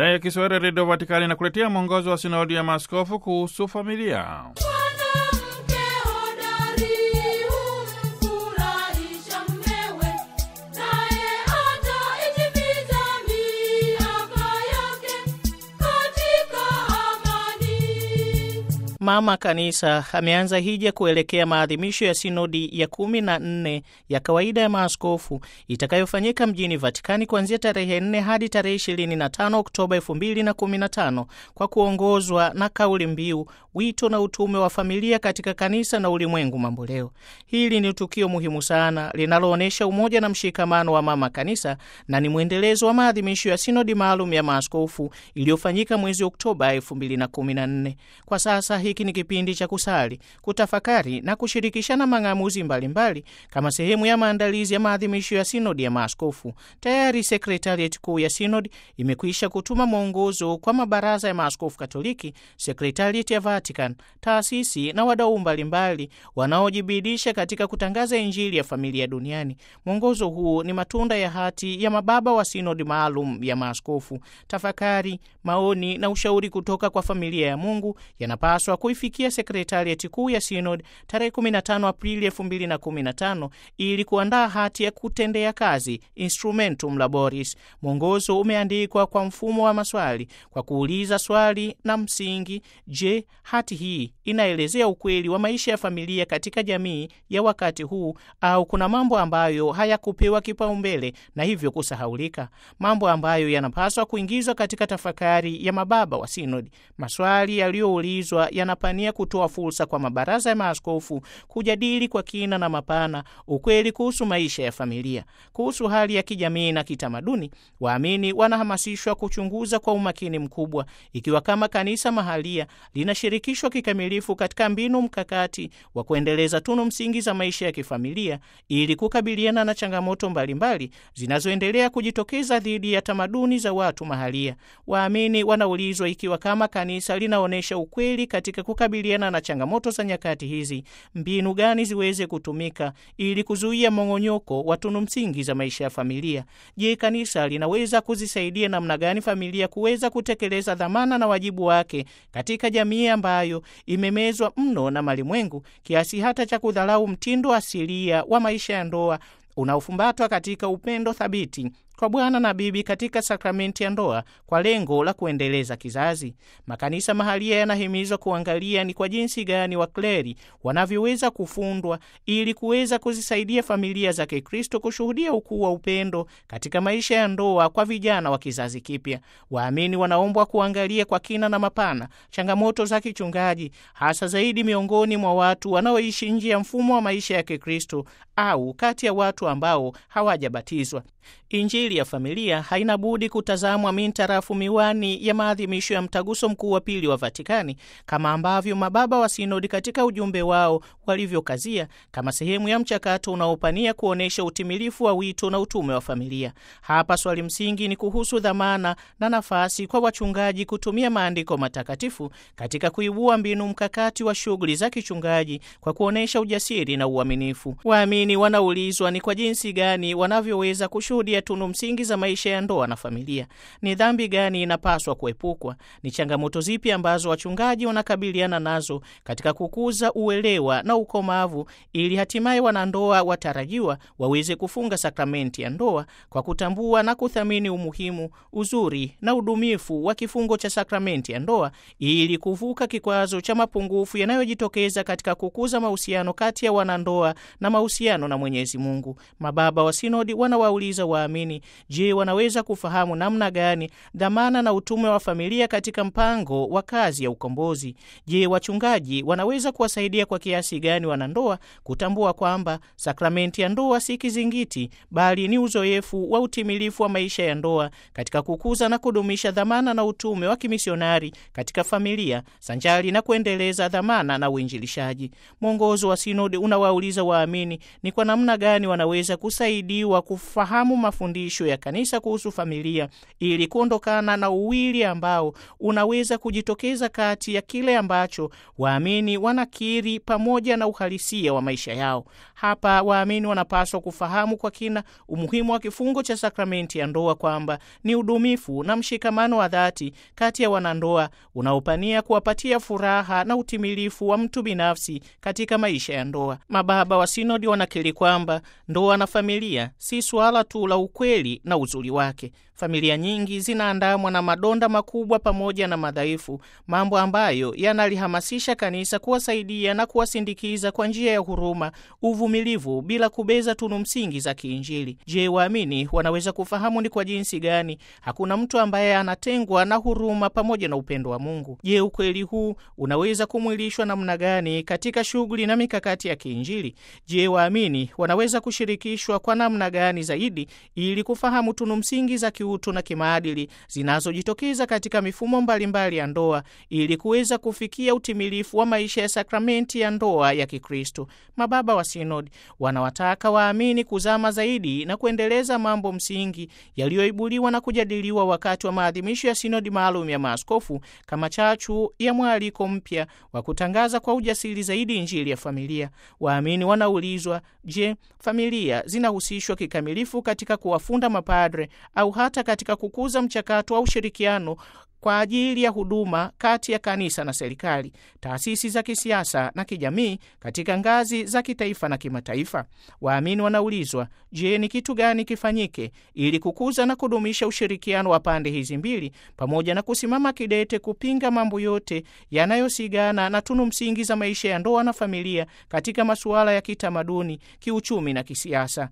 ya Kiswahili Redio Vatikani inakuletea mwongozo wa sinodi ya maaskofu kuhusu familia. Mama Kanisa ameanza hija kuelekea maadhimisho ya sinodi ya kumi na nne ya kawaida ya maaskofu itakayofanyika mjini Vatikani kuanzia tarehe 4 hadi tarehe 25 Oktoba 2015 kwa kuongozwa na kauli mbiu wito na utume wa familia katika kanisa na ulimwengu mamboleo. Hili ni tukio muhimu sana linaloonyesha umoja na mshikamano wa Mama Kanisa na ni mwendelezo wa maadhimisho ya sinodi maalum ya maaskofu iliyofanyika mwezi Oktoba 2014. Kwa sasa hiki hiki ni kipindi cha kusali, kutafakari na kushirikishana mang'amuzi mbalimbali kama sehemu ya maandalizi ya maadhimisho ya sinodi ya maaskofu. Tayari sekretariat kuu ya sinodi imekwisha kutuma mwongozo kwa mabaraza ya maaskofu Katoliki, sekretariat ya Vatican, taasisi na wadau mbalimbali wanaojibidisha katika kutangaza Injili ya familia duniani. Mwongozo huu ni matunda ya hati ya mababa wa sinodi maalum ya maaskofu. Tafakari, maoni na ushauri kutoka kwa familia ya Mungu yanapaswa ku kuifikia sekretariati kuu ya Sinod tarehe 15 Aprili 2015 ili kuandaa hati ya kutendea kazi Instrumentum Laboris. Mwongozo umeandikwa kwa mfumo wa maswali kwa kuuliza swali na msingi: Je, hati hii inaelezea ukweli wa maisha ya familia katika jamii ya wakati huu, au kuna mambo ambayo hayakupewa kipaumbele na hivyo kusahaulika, mambo ambayo yanapaswa kuingizwa katika tafakari ya mababa wa Sinodi? Maswali yaliyoulizwa yana anapania kutoa fursa kwa mabaraza ya maaskofu kujadili kwa kina na mapana ukweli kuhusu maisha ya familia, kuhusu hali ya kijamii na kitamaduni. Waamini wanahamasishwa kuchunguza kwa umakini mkubwa ikiwa kama kanisa mahalia linashirikishwa kikamilifu katika mbinu mkakati wa kuendeleza tunu msingi za maisha ya kifamilia ili kukabiliana na changamoto mbalimbali zinazoendelea kujitokeza dhidi ya tamaduni za watu mahalia. Waamini wanaulizwa ikiwa kama kanisa linaonyesha ukweli katika katika kukabiliana na changamoto za nyakati hizi, mbinu gani ziweze kutumika ili kuzuia mong'onyoko wa tunu msingi za maisha ya familia? Je, kanisa linaweza kuzisaidia namna gani familia kuweza kutekeleza dhamana na wajibu wake katika jamii ambayo imemezwa mno na malimwengu kiasi hata cha kudharau mtindo asilia wa maisha ya ndoa unaofumbatwa katika upendo thabiti kwa bwana na bibi katika sakramenti ya ndoa kwa lengo la kuendeleza kizazi. Makanisa mahalia yanahimizwa kuangalia ni kwa jinsi gani wakleri wanavyoweza kufundwa ili kuweza kuzisaidia familia za Kikristo kushuhudia ukuu wa upendo katika maisha ya ndoa kwa vijana wa kizazi kipya. Waamini wanaombwa kuangalia kwa kina na mapana changamoto za kichungaji, hasa zaidi miongoni mwa watu wanaoishi nje ya mfumo wa maisha ya Kikristo au kati ya watu ambao hawajabatizwa. Injili pili ya familia haina budi kutazamwa mintarafu miwani ya maadhimisho ya mtaguso mkuu wa pili wa Vatikani, kama ambavyo mababa wa sinodi katika ujumbe wao walivyokazia kama sehemu ya mchakato unaopania kuonyesha utimilifu wa wito na utume wa familia. Hapa swali msingi ni kuhusu dhamana na nafasi kwa wachungaji kutumia maandiko matakatifu katika kuibua mbinu mkakati wa shughuli za kichungaji kwa kuonyesha ujasiri na uaminifu. Waamini wanaulizwa ni kwa jinsi gani wanavyoweza kushuhudia tunu msingi za maisha ya ndoa na familia. Ni dhambi gani inapaswa kuepukwa? Ni changamoto zipi ambazo wachungaji wanakabiliana nazo katika kukuza uelewa na ukomavu, ili hatimaye wanandoa watarajiwa waweze kufunga sakramenti ya ndoa kwa kutambua na kuthamini umuhimu, uzuri na udumifu wa kifungo cha sakramenti ya ndoa, ili kuvuka kikwazo cha mapungufu yanayojitokeza katika kukuza mahusiano kati ya wanandoa na mahusiano na Mwenyezi Mungu. Mababa wa sinodi wanawauliza waamini Je, wanaweza kufahamu namna gani dhamana na utume wa familia katika mpango wa kazi ya ukombozi? Je, wachungaji wanaweza kuwasaidia kwa kiasi gani wanandoa kutambua kwamba sakramenti ya ndoa si kizingiti, bali ni uzoefu wa utimilifu wa maisha ya ndoa katika kukuza na kudumisha dhamana na utume wa kimisionari katika familia, sanjari na kuendeleza dhamana na uinjilishaji? Mwongozo wa sinodi unawauliza waamini ni kwa namna gani wanaweza kusaidiwa kufahamu mafundisho mafundisho ya kanisa kuhusu familia ili kuondokana na uwili ambao unaweza kujitokeza kati ya kile ambacho waamini wanakiri pamoja na uhalisia wa maisha yao. Hapa waamini wanapaswa kufahamu kwa kina umuhimu wa kifungo cha sakramenti ya ndoa, kwamba ni udumifu na mshikamano wa dhati kati ya wanandoa unaopania kuwapatia furaha na utimilifu wa mtu binafsi katika maisha ya ndoa. Mababa wa sinodi wanakiri kwamba ndoa na familia si suala tu la ukweli kweli na uzuri wake. Familia nyingi zinaandamwa na madonda makubwa pamoja na madhaifu, mambo ambayo yanalihamasisha kanisa kuwasaidia na kuwasindikiza kwa njia ya huruma, uvumilivu, bila kubeza tunu msingi za kiinjili. Je, waamini wanaweza kufahamu ni kwa jinsi gani hakuna mtu ambaye anatengwa na huruma pamoja na upendo wa Mungu? Je, ukweli huu unaweza kumwilishwa namna gani katika shughuli na mikakati ya kiinjili? Je, waamini wanaweza kushirikishwa kwa namna gani zaidi ili kufahamu tunu msingi za kiutu na kimaadili zinazojitokeza katika mifumo mbalimbali ya ndoa ili kuweza kufikia utimilifu wa maisha ya sakramenti ya ndoa ya Kikristo. Mababa wa sinodi wanawataka waamini kuzama zaidi na kuendeleza mambo msingi yaliyoibuliwa na kujadiliwa wakati wa maadhimisho ya sinodi maalum ya maaskofu kama chachu ya mwaliko mpya wa kutangaza kwa ujasiri zaidi Injili ya familia. Waamini wanaulizwa, je, familia zinahusishwa kikamilifu katika kuwafunda kuunda mapadre au hata katika kukuza mchakato wa ushirikiano kwa ajili ya huduma kati ya kanisa na serikali, taasisi za kisiasa na kijamii katika ngazi za kitaifa na kimataifa. Waamini wanaulizwa, je, ni kitu gani kifanyike ili kukuza na kudumisha ushirikiano wa pande hizi mbili, pamoja na kusimama kidete kupinga mambo yote yanayosigana na tunu msingi za maisha ya ndoa na familia katika masuala ya kitamaduni, kiuchumi na kisiasa?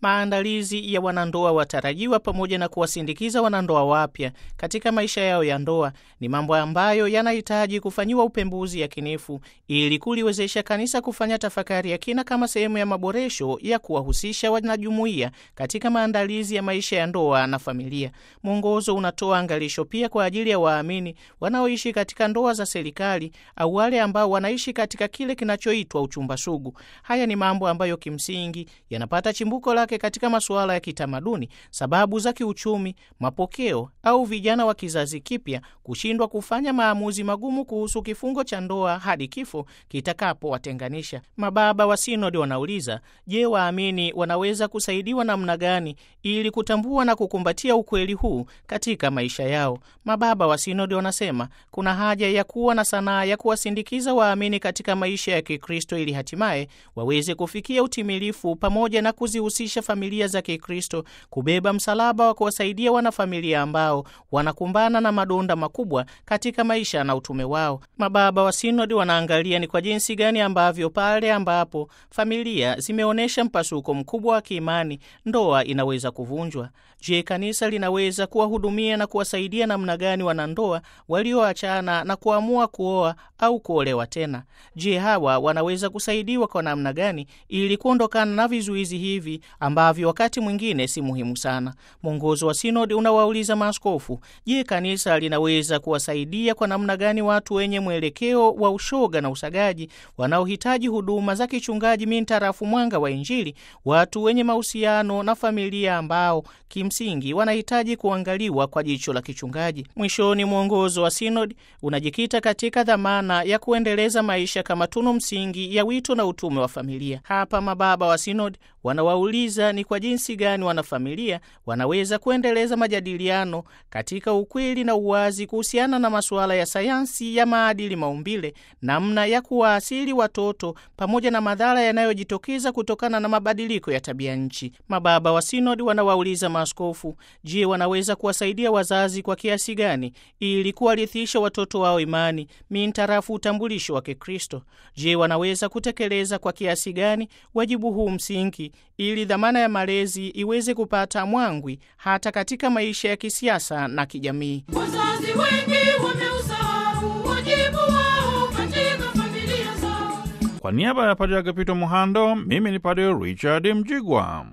maandalizi ya wanandoa watarajiwa pamoja na kuwasindikiza wanandoa wapya katika maisha yao ya ndoa ni mambo ambayo yanahitaji kufanyiwa upembuzi yakinifu ili kuliwezesha kanisa kufanya tafakari ya kina kama sehemu ya maboresho ya kuwahusisha wanajumuiya katika maandalizi ya maisha ya ndoa na familia. Mwongozo unatoa angalisho pia kwa ajili ya waamini wanaoishi katika ndoa za serikali au wale ambao wanaishi katika kile kinachoitwa uchumba sugu. Haya ni mambo ambayo kimsingi yanapata chimbuko la wake katika masuala ya kitamaduni, sababu za kiuchumi, mapokeo au vijana wa kizazi kipya kushindwa kufanya maamuzi magumu kuhusu kifungo cha ndoa hadi kifo kitakapowatenganisha. Mababa wa sinodi wanauliza, je, waamini wanaweza kusaidiwa namna gani ili kutambua na kukumbatia ukweli huu katika maisha yao? Mababa wa sinodi wanasema kuna haja ya kuwa na sanaa ya kuwasindikiza waamini katika maisha ya Kikristo ili hatimaye waweze kufikia utimilifu pamoja na kuzihusisha kuhamasisha familia za Kikristo kubeba msalaba wa kuwasaidia wanafamilia ambao wanakumbana na madonda makubwa katika maisha na utume wao. Mababa wa sinodi wanaangalia ni kwa jinsi gani ambavyo pale ambapo familia zimeonyesha mpasuko mkubwa wa kiimani, ndoa inaweza kuvunjwa. Je, kanisa linaweza kuwahudumia na kuwasaidia namna gani wanandoa walioachana na kuamua kuoa au kuolewa tena? Je, hawa wanaweza kusaidiwa kwa namna gani ili kuondokana na vizuizi hivi ambavyo wakati mwingine si muhimu sana. Mwongozo wa sinodi unawauliza maaskofu, je, kanisa linaweza kuwasaidia kwa namna gani watu wenye mwelekeo wa ushoga na usagaji wanaohitaji huduma za kichungaji mintarafu mwanga wa Injili, watu wenye mahusiano na familia ambao kimsingi wanahitaji kuangaliwa kwa jicho la kichungaji. Mwishoni, mwongozo wa sinodi unajikita katika dhamana ya kuendeleza maisha kama tunu msingi ya wito na utume wa familia. Hapa mababa wa sinodi wanawauliza ni kwa jinsi gani wanafamilia wanaweza kuendeleza majadiliano katika ukweli na uwazi kuhusiana na masuala ya sayansi ya maadili, maumbile, namna ya kuwaasili watoto, pamoja na madhara yanayojitokeza kutokana na mabadiliko ya tabia nchi. Mababa wa sinodi wanawauliza maaskofu, je, wanaweza kuwasaidia wazazi kwa kiasi gani ili kuwarithisha watoto wao imani mintarafu utambulisho wa Kikristo? Je, wanaweza kutekeleza kwa kiasi gani wajibu huu msingi ili dhamana ya malezi iweze kupata mwangwi hata katika maisha ya kisiasa na kijamii. Wazazi wengi wameusahau wajibu wao katika familia zao. Kwa niaba ya Padre Agapito Muhando, mimi ni Padre Richard Mjigwa.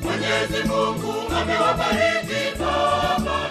Mwenyezi Mungu amewabariki baba.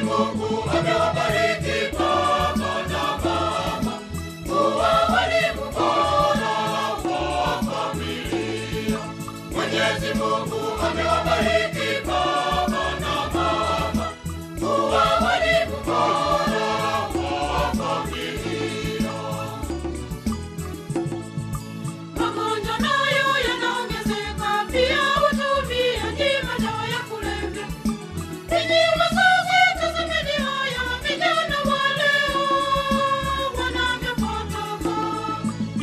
Mungu amewabariki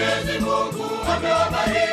Mwenyezi Mungu amewabariki.